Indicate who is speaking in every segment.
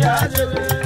Speaker 1: Yeah,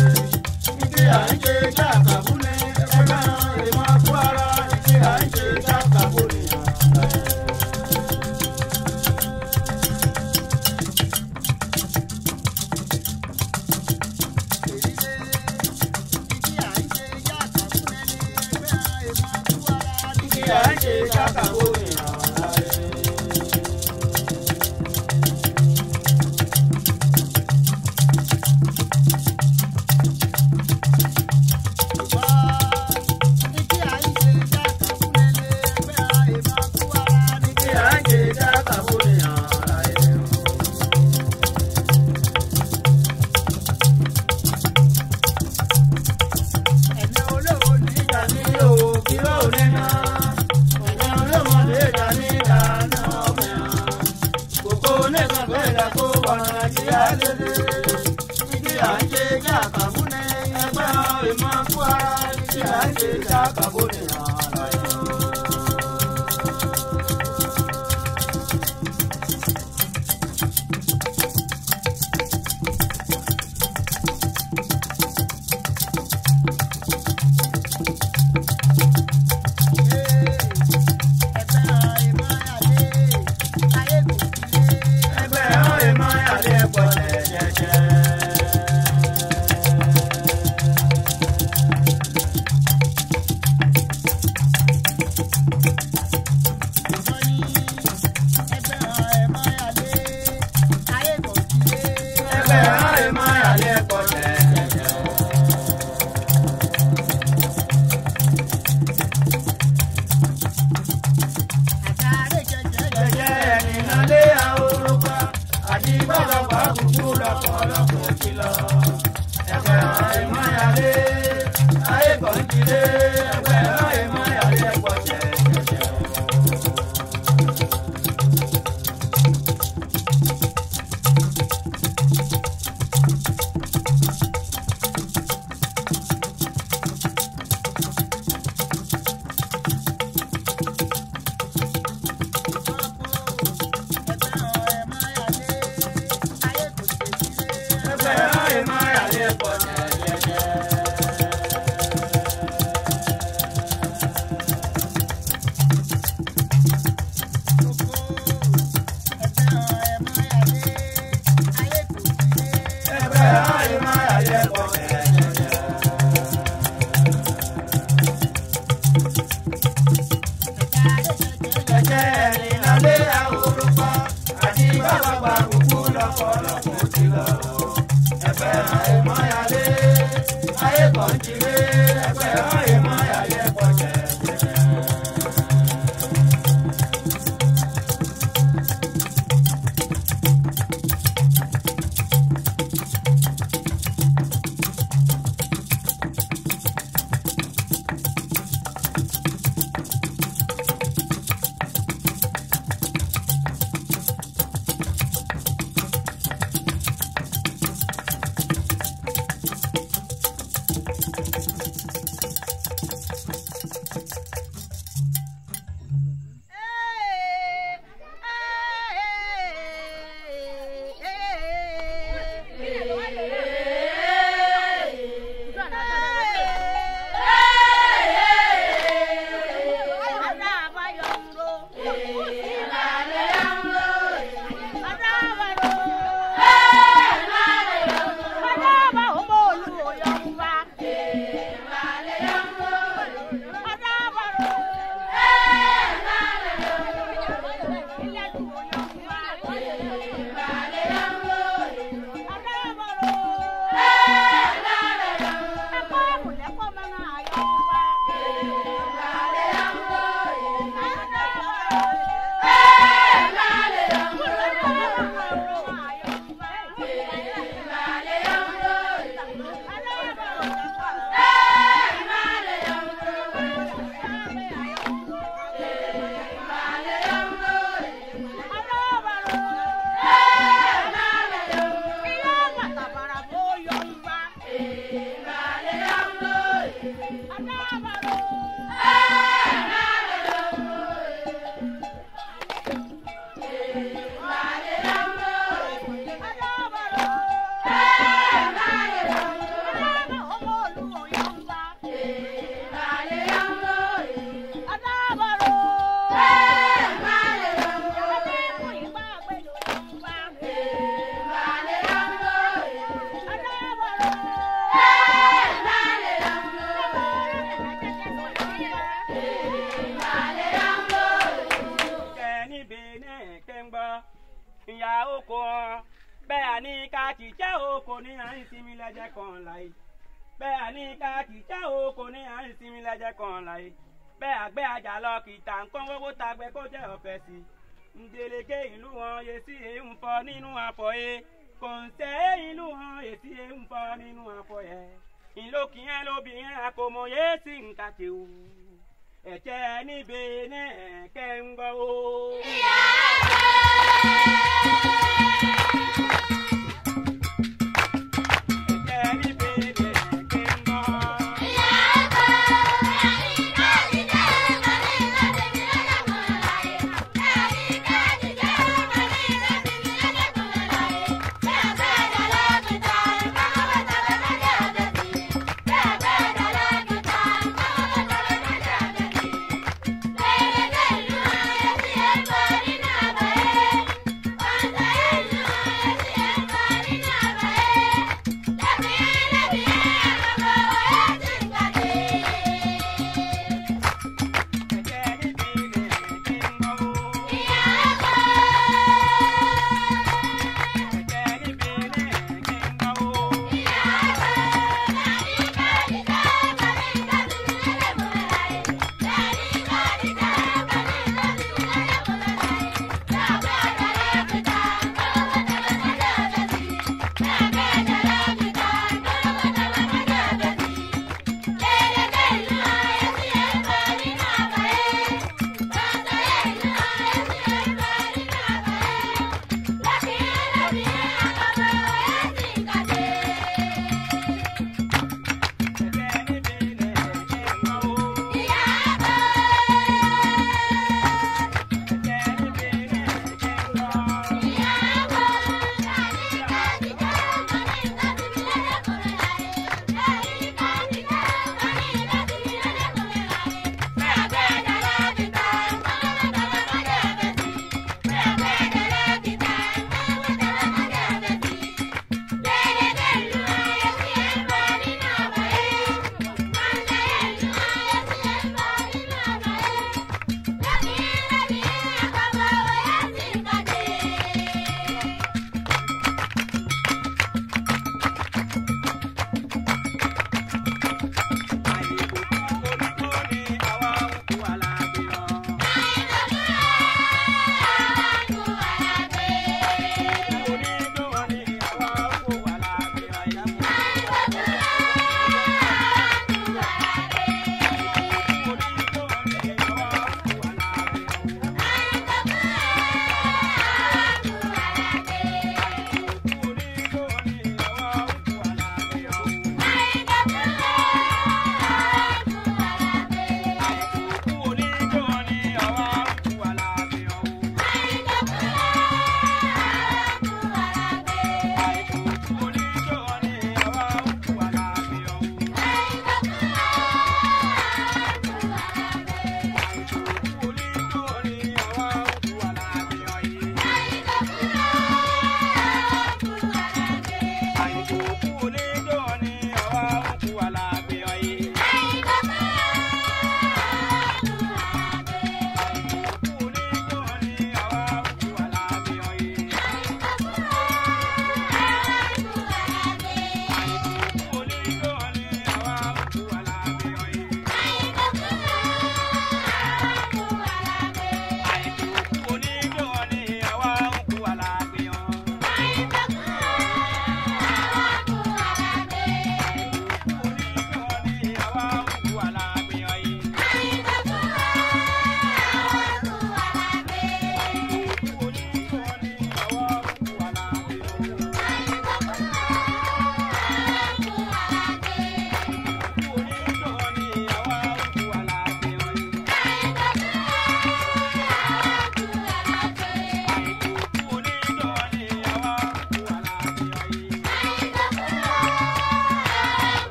Speaker 1: òkì yẹn lóbìnrin àkòmọ̀yé sí nǹkan kéwù ẹ̀jẹ̀ níbi ní ẹ̀kẹ́ ń gbọ́ o. ìyá ẹ̀ka.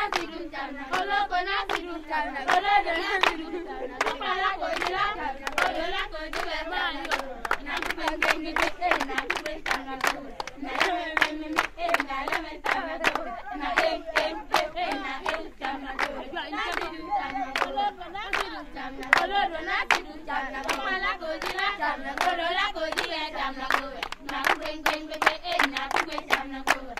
Speaker 2: nasirutana kolo ko nasirutana kolo do nasirutana kopala ko jila kana kolo la ko jibe mani kolo na kupenge ni kete na kupe sana ko na leme leme mi e na leme sana ko na e e e e na e sana ko nasirutana kolo ko nasirutana kolo do nasirutana kopala ko jila kana kolo la ko jibe sana ko na kupenge ni kete na kupe sana ko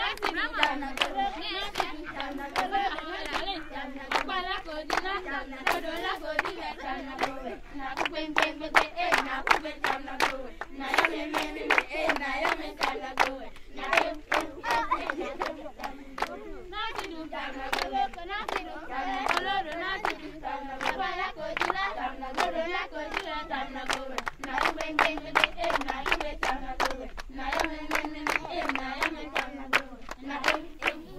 Speaker 2: Now you're
Speaker 3: my everything.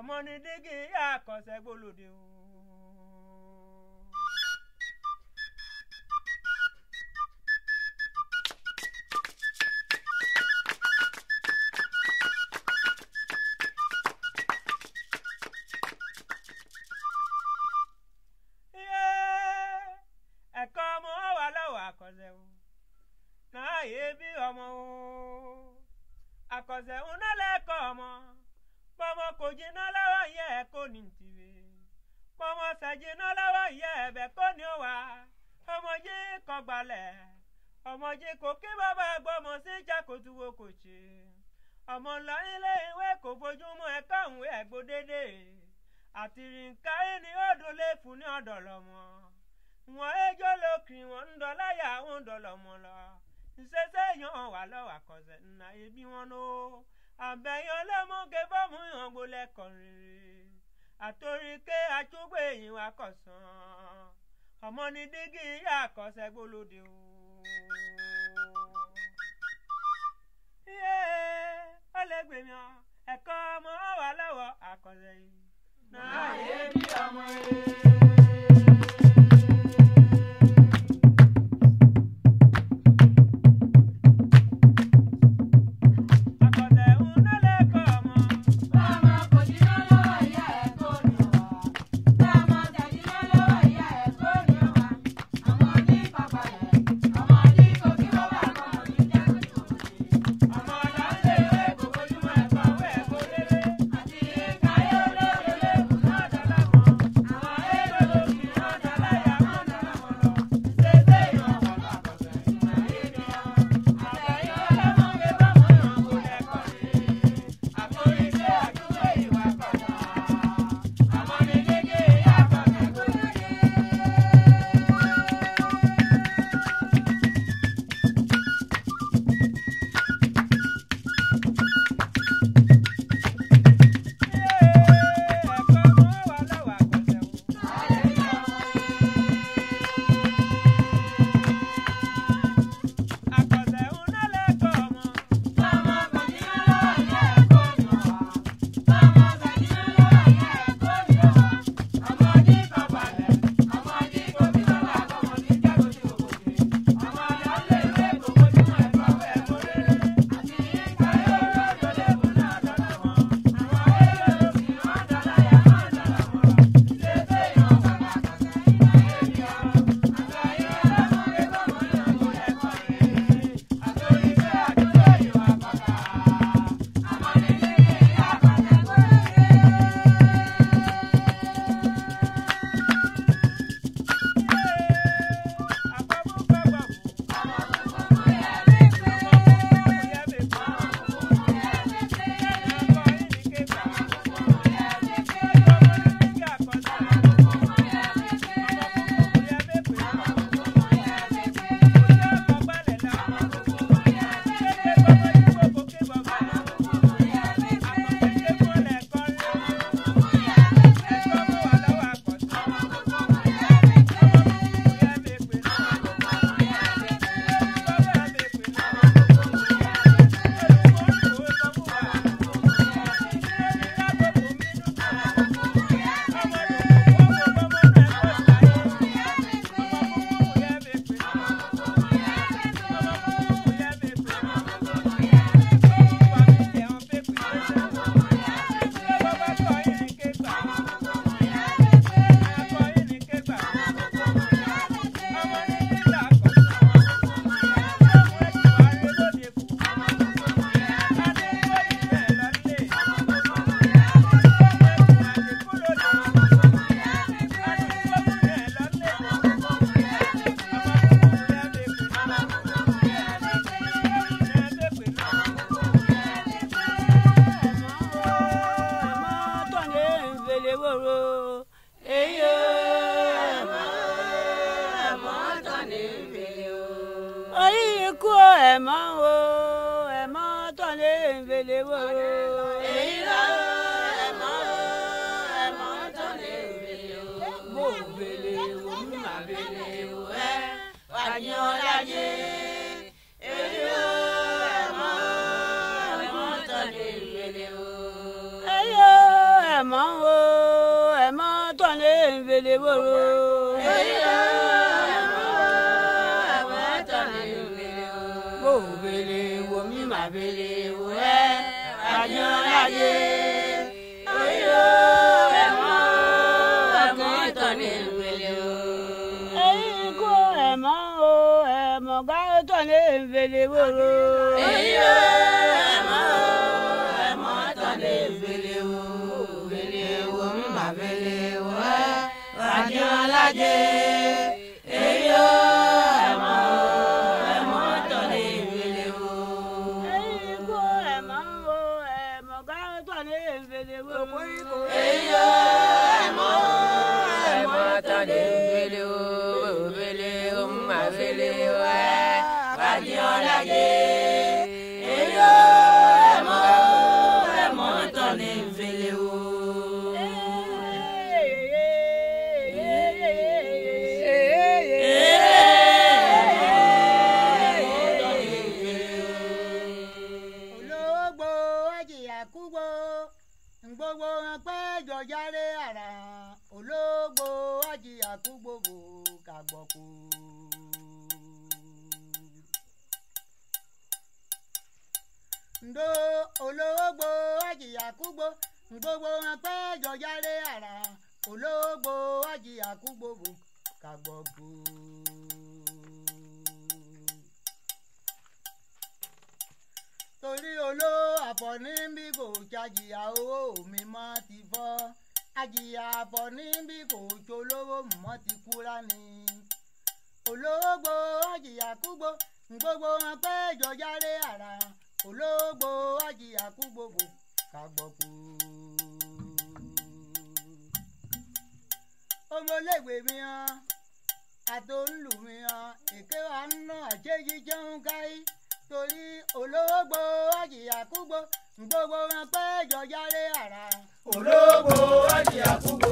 Speaker 4: ọmọ ni dégé àkọsẹ gbólóde o. ni dígí àkọsẹ́ gbólóde o. ó lè gbèmí ọ ẹ̀kọ́ ọmọ wà lọ́wọ́ àkọsẹ́ yìí. náà yé bí ọmọ yẹn.
Speaker 5: ajìyà owó mi mọ́ ti fọ́ ajìyà àbọ̀ níbi kò jolówó mọ́ ti kú lánì. olóògbò ajìyà kúgbó gbogbo wọn pé jọjáre àrà olóògbò ajìyà kúgbògbò kàgbọ̀kú. ọmọléèwé mi hàn àtòǹlù mi hàn èké wa ń ná àjẹjíjẹun káyí torí olóògbò ajìyà kúgbó gbogbo wọn pẹ́ jáde ara. olóògbò ajé àkúgbò.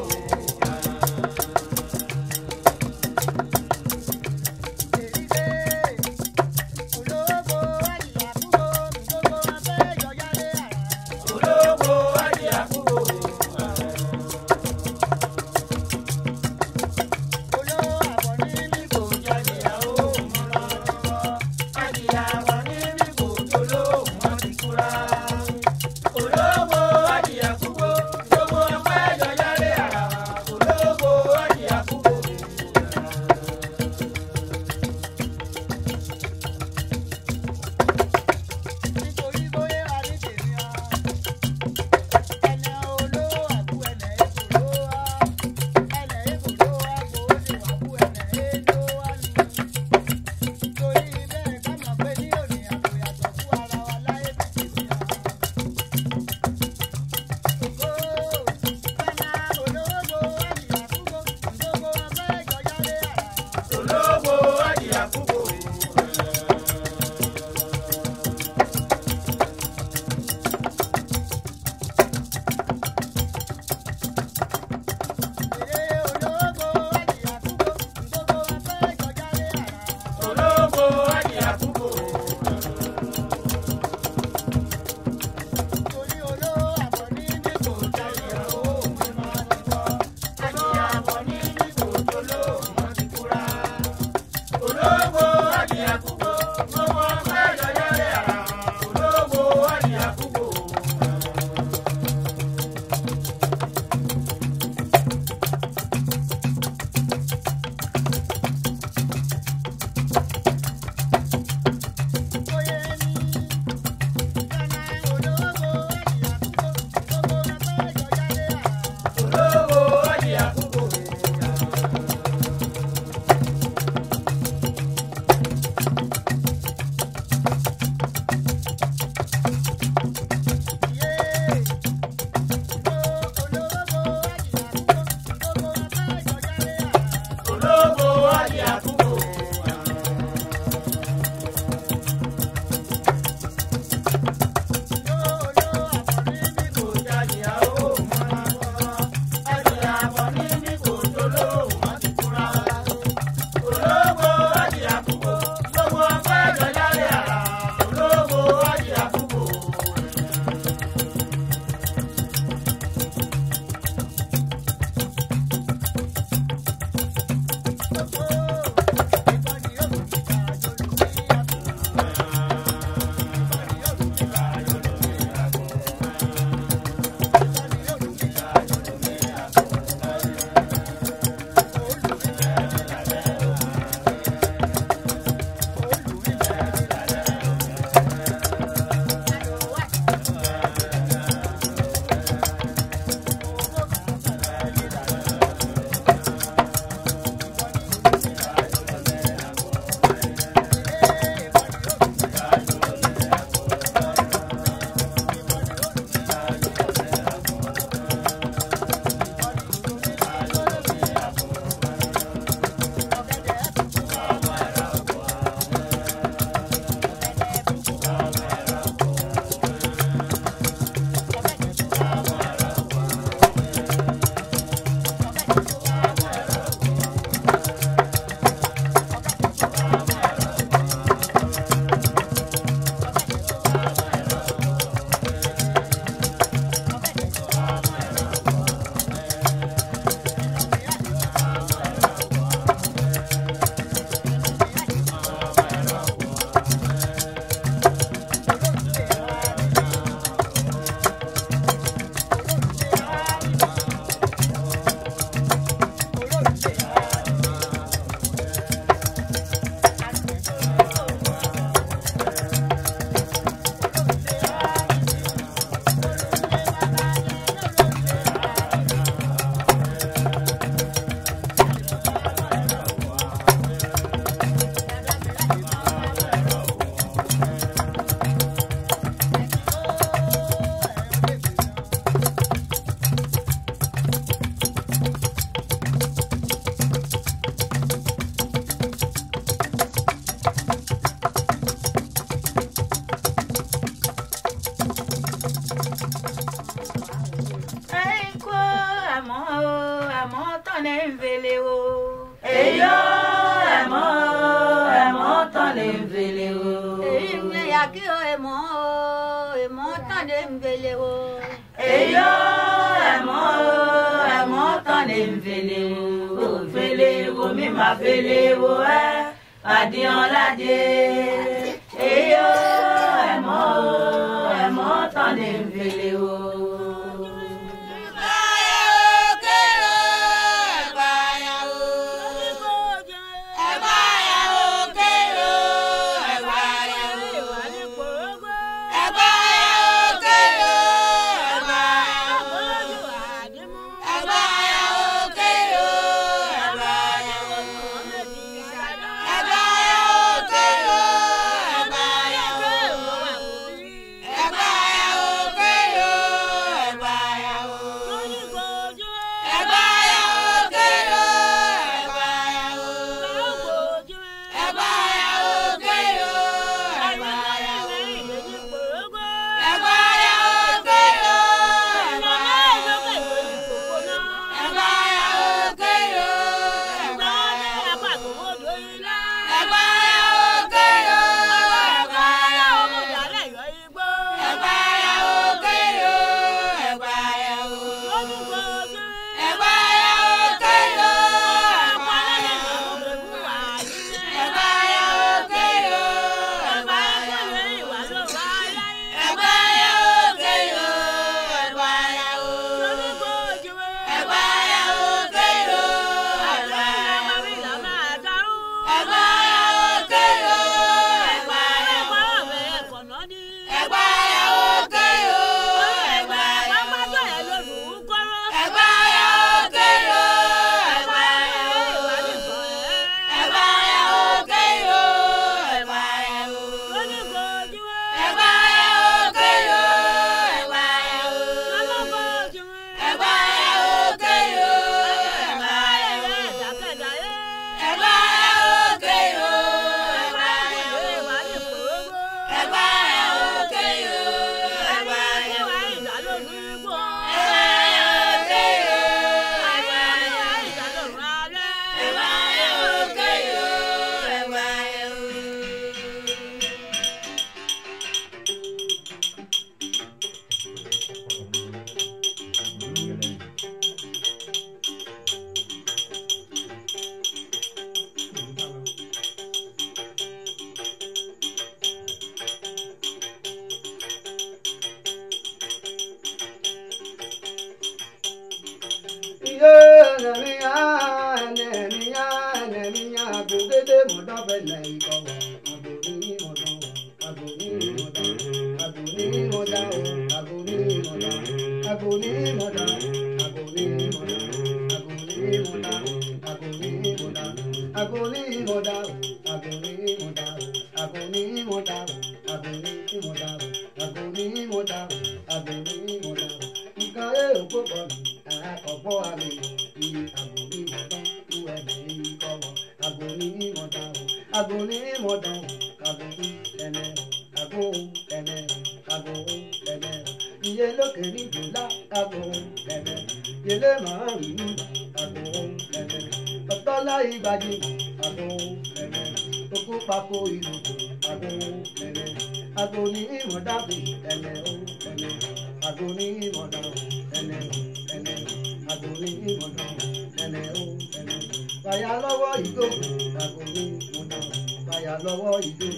Speaker 6: àyà lọ́wọ́ ìjó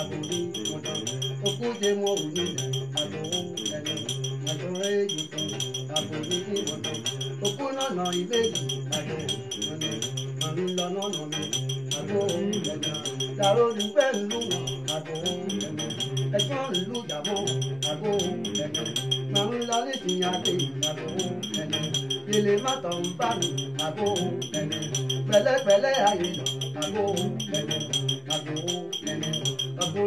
Speaker 6: àtòrí kòtò okúje mọ òye àtòwò ẹni àtòrẹ èjòkò àtòrí kòtò okú nànà ìbéèjì àtò ọ̀nà àmì lọ́nà nàmì àtò ẹ̀dá dàrú dùgbẹ́ ìlú àtò ẹ̀dá ẹ̀gbọ́n ìlú jàmọ́ àtò ẹ̀dá màmú lálẹ́ tìyàtì àtò ẹ̀dá ilé mọ́tò ń bá mi àtò ẹ̀dá pẹ̀lẹ́pẹ̀lẹ́ ayé àtò ẹ̀dá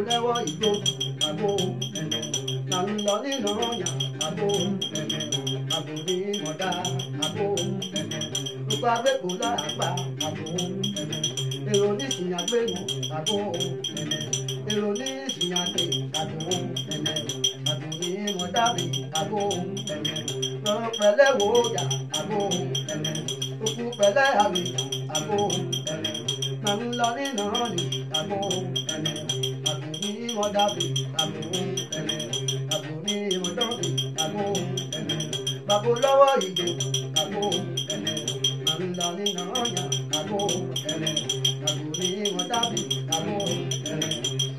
Speaker 6: lẹ́wọ́ ìjó àgbo ẹ̀mẹ̀ là ń lọ nínú ọ̀yà àgbo ẹ̀mẹ̀ àgbo ní mọ̀dá àgbo ẹ̀mẹ̀ gbogbo abẹ́kò láàgbà àgbo ẹ̀mẹ̀ èrò nísìnyí àgbẹ̀wò àgbo ẹ̀mẹ̀ èrò nísìnyí àgbẹ̀ àgbo ẹ̀mẹ̀ àgbo ní mọ̀dá mi àgbo ẹ̀mẹ̀ lọ́rọ̀ pẹ̀lẹ́ wò ó yà àgbo ẹ̀mẹ̀ òkú pẹ̀lẹ́ àmì àgbo ẹ̀mẹ̀ là ń lọ nínú ọ̀yà. dàbí àbòwò ẹ̀mí àbò ní ìmọ̀dọ́bì àbò ẹ̀mí bàbá lọ́wọ́ ìdè àbò ẹ̀mí màmílà nínà ọ̀yà àbò ẹ̀mí àbò ní ìmọ̀dàbì àbò ẹ̀mí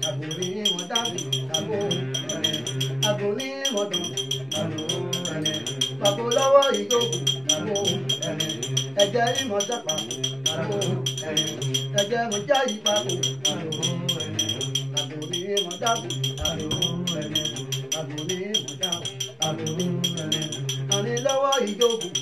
Speaker 6: àbò ní ìmọ̀dàbì àbò ẹ̀mí àbò ní ìmọ̀dọ̀ àbò ẹ̀mí bàbá lọ́wọ́ ìdè àbò ẹ̀mí ẹ̀jẹ̀ ìmọ̀dàpà àbò ẹ̀mí àlè lọ́wọ́ ìjókòó.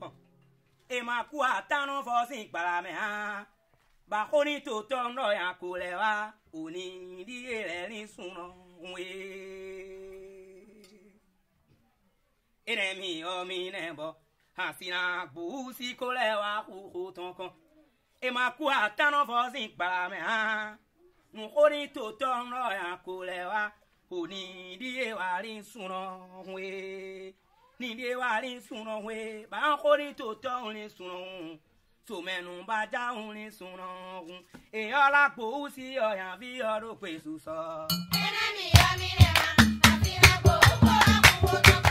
Speaker 1: kan emakua tanu fɔsi kpalamɛ hã bakoni tó tɔ nɔ yan ko lɛ wa òní di yẹlɛ ní sunɔ wé. ìrẹ̀mí ọ̀mí nẹ̀ bọ̀ àsìnà gbòòsì kó lẹ̀ wa kókó tán kan emakua tanu fɔsi kpalamɛ hã nukoni tó tɔ nɔ yan ko lɛ wa òní di yẹlɛ ní sunɔ wé níbi wa rí sunran we bá ń kórí tòótọ́ rí sunran òun tòmẹ́nu bá já rí sunran òun èèyàn lápò ó sí ọ̀yàn bí ọdún pèsè sọ. ẹnẹ́ mi yọ mí rẹ̀ wá àti lápò ó kọ́ lápò ó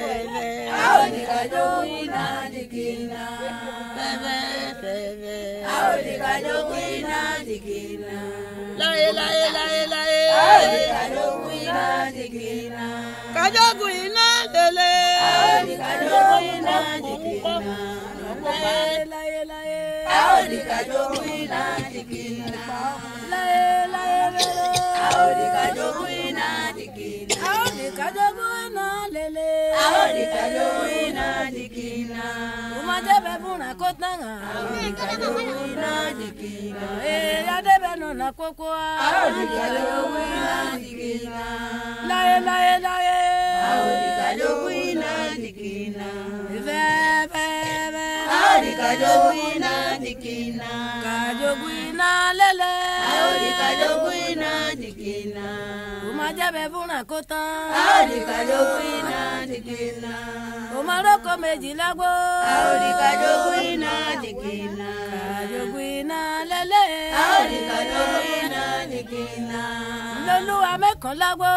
Speaker 7: bebe aolikajo kwina dikina bebe bebe aolikajo
Speaker 3: kwina dikina lae lae lae lae aolikajo kwina dikina
Speaker 7: kajo kwina lele aolikajo kwina dikina
Speaker 3: lae
Speaker 7: lae lae aolikajo kwina dikina lae lae lae aolikajo kwina Kajabuna lele. Aori kajabuna dikina. Umajabe buna kotanga. Aori kajabuna
Speaker 3: dikina. Eh,
Speaker 7: yadebe nona kokoa. Aori kajabuna dikina. Lae lae lae. Aori kajabuna dikina. Veve veve. Aori kajabuna dikina. Kajabuna lele. Aori kajabuna jẹ́bẹ̀ fúnra kó tán. a ó di kàdógún iná dìgínà. òmò aróko méjì lágbo. a ó di kàdógún iná dìgínà. kàdógún iná lẹ́lẹ́. a ó di kàdógún iná dìgínà. lolúwa mẹ́kànlá gbó.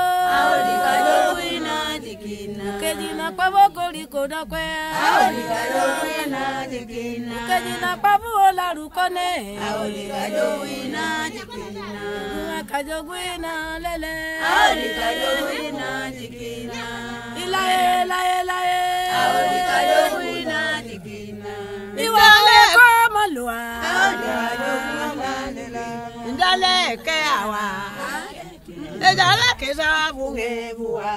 Speaker 7: di kàdógún kajo wina ukejina kwavo kolikona kwea aolikajowina jikina ukejina kajo wina aolikajowina kajo wina lele kajo aolikajowina jikina ilaye laye laye aolikajowina jikina iwale kajo
Speaker 3: wina lele
Speaker 7: ndalẹ kẹ àwa ejale kesa bunge bua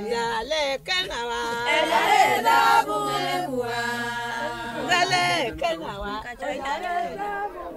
Speaker 7: ejale kena wa ejale da bunge bua
Speaker 3: ejale kena wa ejale da bunge bua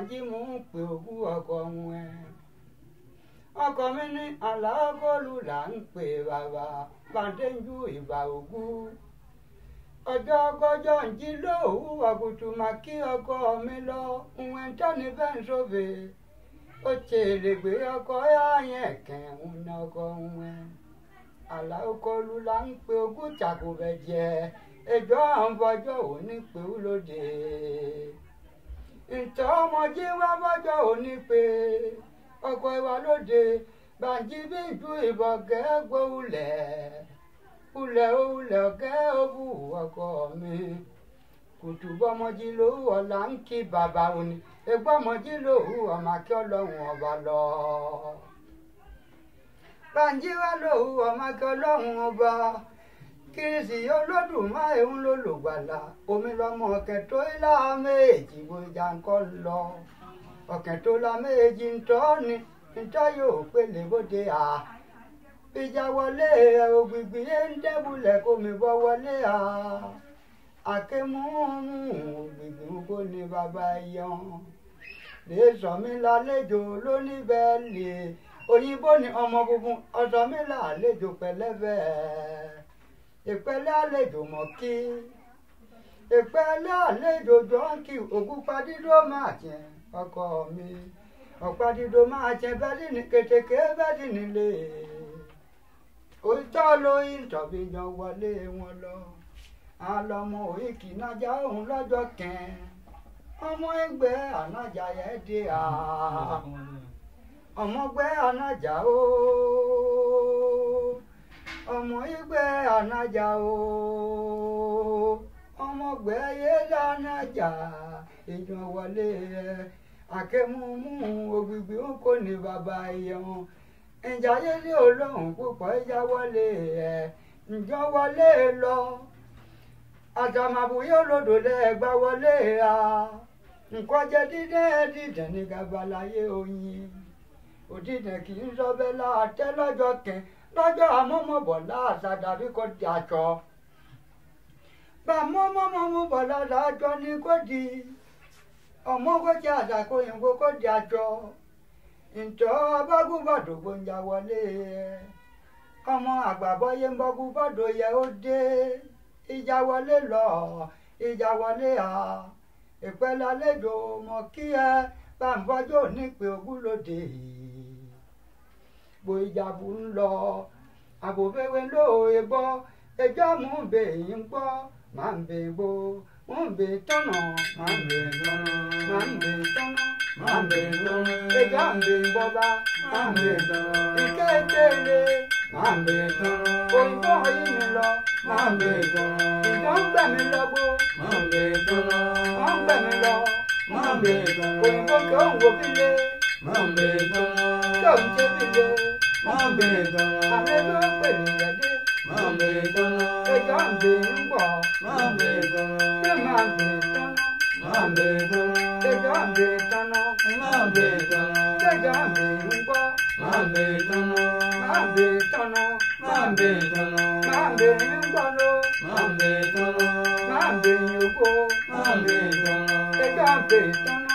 Speaker 6: Bànjí mò ń pè òkú ọkọ wọn ẹ. ọkọ mi ní aláàbọ̀lù là ń pè bàbá bàdéjú ìbà òkú. ọjọ́ kọjọ́ ń jí lóòwú àkùtù máa kí ọkọ mi lọ òun tẹ́ni bẹ́ẹ̀ ń sóbè. ó ṣe èrègbè ọkọ yáàyàn kẹ̀ ń ná ọkọ wọn ẹ. aláàkọlù là ń pè òkú tàkùbẹ̀ jẹ ẹjọ́ àwọn ọjọ́ òní pè ó lóde ìtọ́ ọmọdé wá bọ́jọ́ òní pé ọkọ̀ ìwà lóde bàjí bí ju ìbọ̀gẹ́ gbóhùlẹ̀ hulẹ̀ hulẹ̀ ọ̀gẹ́ òbú ọkọ mi kùtùbọ́mọjí ló ọ̀la ń kí bàbá òní egbọ́mọjí ló ọmọ akẹ́ ọlọ́run ọba lọ. bàjí wá ló ọmọ akẹ́ ọlọ́run ọba lọ kìrìsì olódùmarè ń lò lògbàlà omi lọmọ ọkàn tó ilá méjì gbòjà nǹkan lọ ọkàn tó la méjì ń tọ́ ni níta yóò pélé bóde à ìjà wọlé ògbìgbì yé ń dẹ́bulẹ̀ kómi bọ́ wọlé à àkémúmú ògbìgbì kó ní bàbá yan lè sọ mí lálejò lóníbẹ̀ẹ́lì òyìnbó ni ọmọ gbogbo ọ̀sán mi lálejò ekpele aledo mọki ekpele aledo jọnki ògúnpadídó máa jẹ ọkọ mi ọ̀padídó máa jẹ bẹ́ẹ̀dì ní kẹtẹkẹ bẹ́ẹ̀dì nílé òótọ́ lóyún tọ̀bí yan wọlé wọn lọ àlọ́mọ òyìnkì nájà òun lọ́jọ́ ọmọ ẹgbẹ́ ànájà dé ọmọ ẹgbẹ́ ànájà ooo. ọmọ igwe anaja o ọmọgbẹ yẹlẹ anaja èèyàn wọlé ẹ akẹmúmú ògbìgbì ń kò ní bàbá ìyẹun ìjà yẹlẹ olóhùn púpọ̀ ìjà wọlé ẹ ǹjọ́ wọlé lọ àtàmàbù yóò lẹ́ẹ̀gbá wọlé a nǹkan jẹ dídẹ́ oyin kì í sọ bẹ́ẹ̀ láàtẹ́ lọ́jọ́ baga momo bola sada bi ko da cho ba momo momo bola da cho ni ko di ọmọ ko ja da ko yin ko ko da do bo nja wọlé ọmọ àgbàbọyé ń bọgu bọdọ yẹ ó dé ìjà wọlé lọ ìjà wọlé à ìpẹlẹ àlejò mọ kí ẹ bá ń bọjọ nípe ogún lóde yìí gbo ìjàbù ń lọ àbòfẹ́wé lóòye gbọ́ ẹjọ́ mú bè ń gbọ́ máa ń bè gbó mú bè tọ̀nà máa ń bè lọ́nà máa ń bè tọ̀nà máa ń bè lọ́nà ẹjọ́ ń bè bọ́bá máa ń bè tọ̀nà ìkékeré máa ń bè tọ̀nà òyìnbó yìí mi lọ máa ń bè tọ̀nà ìjọ gbẹ̀mí lọ́gbó máa ń bè tọ̀nà wọ́n gbẹ̀mí lọ mambe dara òǹkó kan wò bílé mambe dara kàn jẹ bílé mambe dara àlẹ́ ló pè ní ẹdẹ mambe dara ẹjọ́ ń bè ń bọ̀ mambe dara ṣé máa bè tán mambe dara ẹjọ́ ń bè tán mambe dara ẹjọ́ ń bè ń bọ̀ mambe dara mambe tán mambe dara mambe ń bọ̀ mambe dara. Nambe yugo, nambe dono, egambe dono,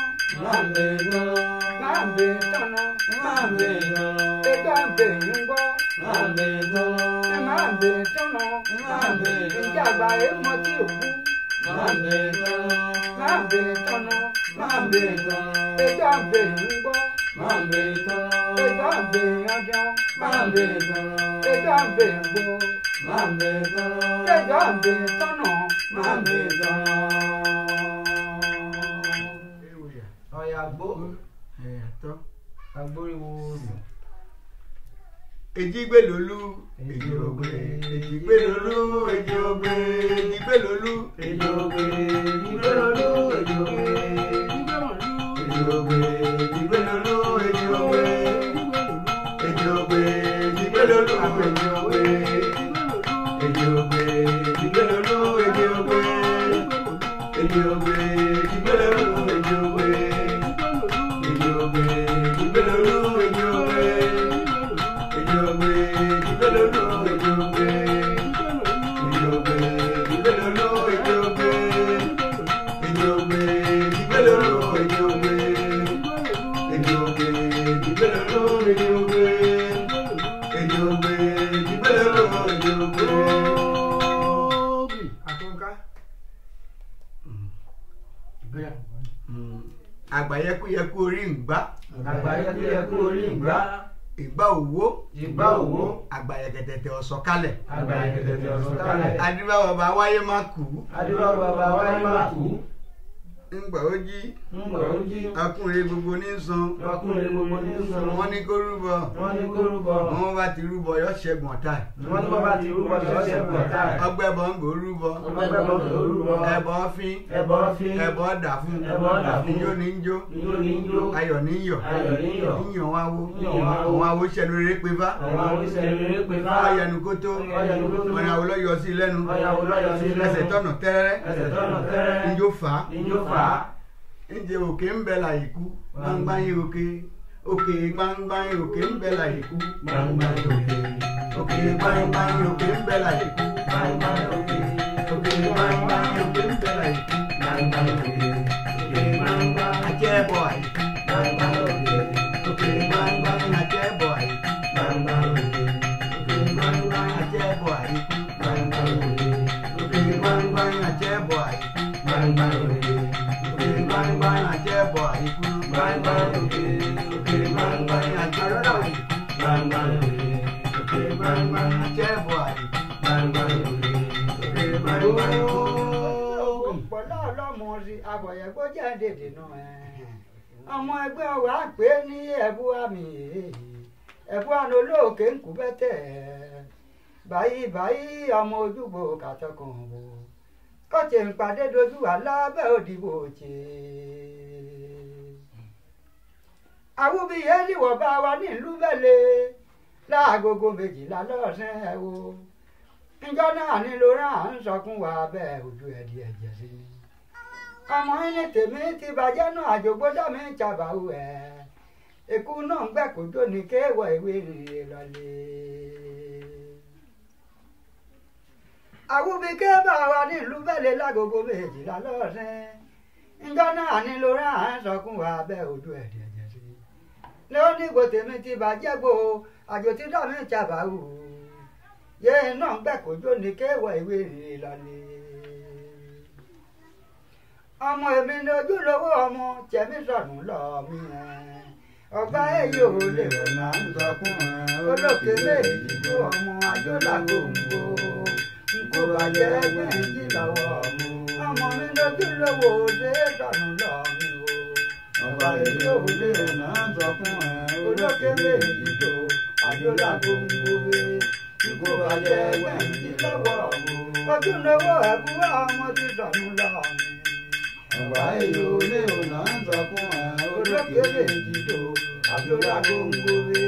Speaker 6: nambe dono, nambe dono, nambe dono, egambe yugo, nambe dono, nambe dono, nambe ìjàgbá èèmọ tí ò kú. Nambe dono, nambe dono, nambe dono, egambe yugo, nambe dono, egambe yanjọ, nambe dono, egambe gbó.
Speaker 5: mamega egambe tọnà mamega.
Speaker 8: ọ̀yà àgbo ẹ̀yàtọ̀ agbóríwó sùn. Ejigbelolu ejogbe Ejigbelolu ejogbe Ejigbelolu ejogbe Ejigbelolu ejogbe Ejigbelolu ejogbe. òwò ìgbà òwò àgbàyẹ̀gẹ̀dẹ̀dẹ̀ ọ̀sán kalẹ̀ àgbàyẹ̀gẹ̀dẹ̀dẹ̀ ọ̀sán kalẹ̀ adúbà bàbá wáyé má kú adúbà bàbá wáyé má kú ngbà ó jí ngbà ó jí akúnrin gbogbo ní san akúnrin gbogbo ní san wọ́n ní kó rúbọ wọ́n ní kó rúbọ wọ́n bá ti rúbọ yọ ṣẹ́gun ọ̀tá wọ́n ní bá ti rúbọ yọ ṣẹ́gun ọ̀tá ọgbẹ́ bọ̀ ń gò rúbọ ọgbẹ́ bọ̀ ń gò rúbọ ẹbọ fín ẹbọ fín ẹbọ dà fún ẹbọ dà fún njó ní njó njó ní njó ayọ̀ ní yọ̀ ayọ̀ ní yọ̀ yíyan wá wo òun àwo iṣẹ́ lóore pé fá òun àwo iṣẹ́ lóore pé fá ọ̀yànukótó ọ̀yànukótó ọ̀yàwó lọ́yọ̀ sí lẹ́nu ẹsẹ̀ tọ̀nà tẹ́rẹ́rẹ́ ẹsẹ̀ tọ̀nà tẹ́rẹ́rẹ́ njó fà njó fà daa nje oke mbela ikwu gbangbanye oke oke gbangbanye oke mbela ikwu gbangbanye oke oke gbangbanye oke mbela ikwu gbangbanye oke oke gbangbanye oke mbela ikwu gbangbanye oke oke gbangbanye oke mbela ikwu
Speaker 6: yẹ jáde dènà ẹ̀ ọmọ ẹgbẹ́ wa pé ní ẹ̀bú àmì ẹ̀bú àná olóòkè ń kú bẹ́tẹ̀ báyìí báyìí ọmọ ojúbọ kàtọkùn wò kọ́tì ń pàdé dojú wa lábẹ́ òdìbò òjè awúbíyé níwọ̀ bá wa nílùú bẹ́lẹ̀ láàgógó méjìlá lọ́sẹ̀ ẹ̀ wò níjọ́ náà nílò rán à ń sọkún wa bẹ́ẹ̀ ojú ẹ̀ di ẹ̀jẹ̀ sí ni ọmọ ẹni tèmi ti bàjẹ́ náà àjògbódà mi ń ṣàbàwù ẹ̀ ikú náà ń gbẹ́ kó dóni kéèwọ̀ ìwé rèé lọ́lẹ̀. àwùbí ké bá wa nílùú bẹ́lẹ̀ lágogo méjìlá lọ́sẹ̀ ńjọ́ náà ni lórí à ń sọkún wa bẹ́ẹ̀ ojú ẹ̀jẹ̀ jẹ̀ sí i. lóní kò tèmi ti bàjẹ́ gbò àjò tí dá mi ń ṣàbàwù yéé náà ń gbẹ́ kó dóni kéèwọ̀ ìwé rèé lọ́lẹ̀ ọmọ èmi ni ojúlówó ọmọ tẹ̀mí sọ̀nù lọ mí ẹ̀ ọba èyí ò lè rọ̀nà ń sọkún ẹ̀ olókè méjì tó ọmọ àjọlá gbòǹgbò n kò bàjẹ́ gbẹ̀ǹdì lọ́wọ́ ọmọ ọmọ mi lójúlówó ṣe é sọ̀nù lọ mí o ọba èyí ò lè rọ̀nà ń sọkún ẹ̀ olókè méjì tó àjọlá gbòǹgbò n kò bàjẹ́ gbẹ̀ǹdì lọ́wọ́ ọmọ ojúlówó ẹ̀kú ọmọ ti sọ̀nù lọ mí ọ̀báyé olè ọ̀nà ń sọ fún ẹ olókè
Speaker 8: lèjìdò
Speaker 6: àbíọ́lá gbòǹgbòwe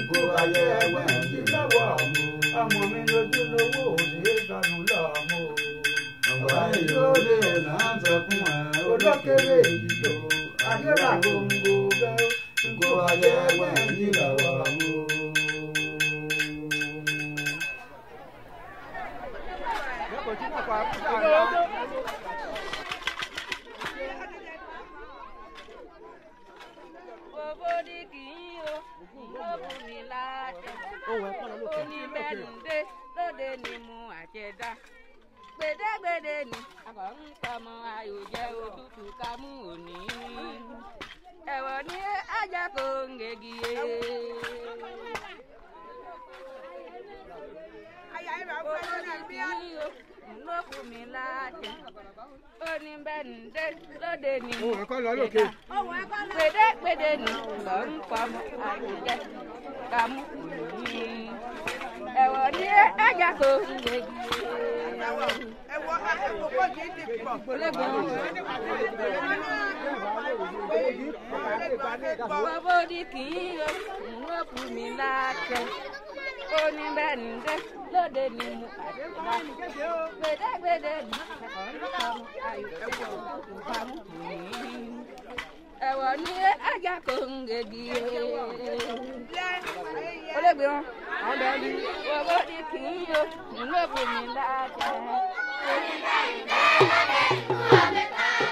Speaker 6: nkó ayé ẹgbẹ́ ti lọ́wọ́ mu ọmọ mi lójúlówó òṣèré sọnù lọ́mọ. ọ̀báyé olè ọ̀nà ń sọ fún ẹ olókè lèjìdò àbíọ́lá gbòǹgbòwe nkó ayé ẹgbẹ́ ti lọ́wọ́ mu. Thank you.
Speaker 7: bódì kì í o ni mo àjẹdá òtútù ká òní ẹ̀wọ̀n ní ajá kò ń gègé.
Speaker 3: Ayà ẹ̀rọ àwọn ọmọ náà bí a
Speaker 7: lókù mi láàjẹ ó ní bẹ́ẹ̀ ní dé lóde ní.
Speaker 8: ohun ẹ̀kọ́ lọ lókè.
Speaker 7: ohun ẹ̀kọ́ lọ. pèdè pèdè
Speaker 1: ní lọ́rùn pamọ́ àìjẹ́ kàmú yìí ẹ̀wọ̀ ní ẹ̀gà kò. ẹ̀wọ̀
Speaker 8: ẹ̀kọ́ kò ní ti pọ̀.
Speaker 3: bọ́bọ́
Speaker 1: ni kì í yọ ìwọ́n bù mí láàkẹ́ ó ní bẹ́ẹ̀
Speaker 7: ní dẹ́ lóde ní mu àdébà gbèdégbèdé ní ọ̀rọ̀ ìpamọ́
Speaker 3: àyè ìpamọ́ nìyí
Speaker 7: ẹ̀wọ̀ ní ajá kò ń gèdè. olóògbé wọn àwọn bẹ̀rẹ̀ bí
Speaker 2: owó ni kì í yọ nínú èbùnmi láàjẹ.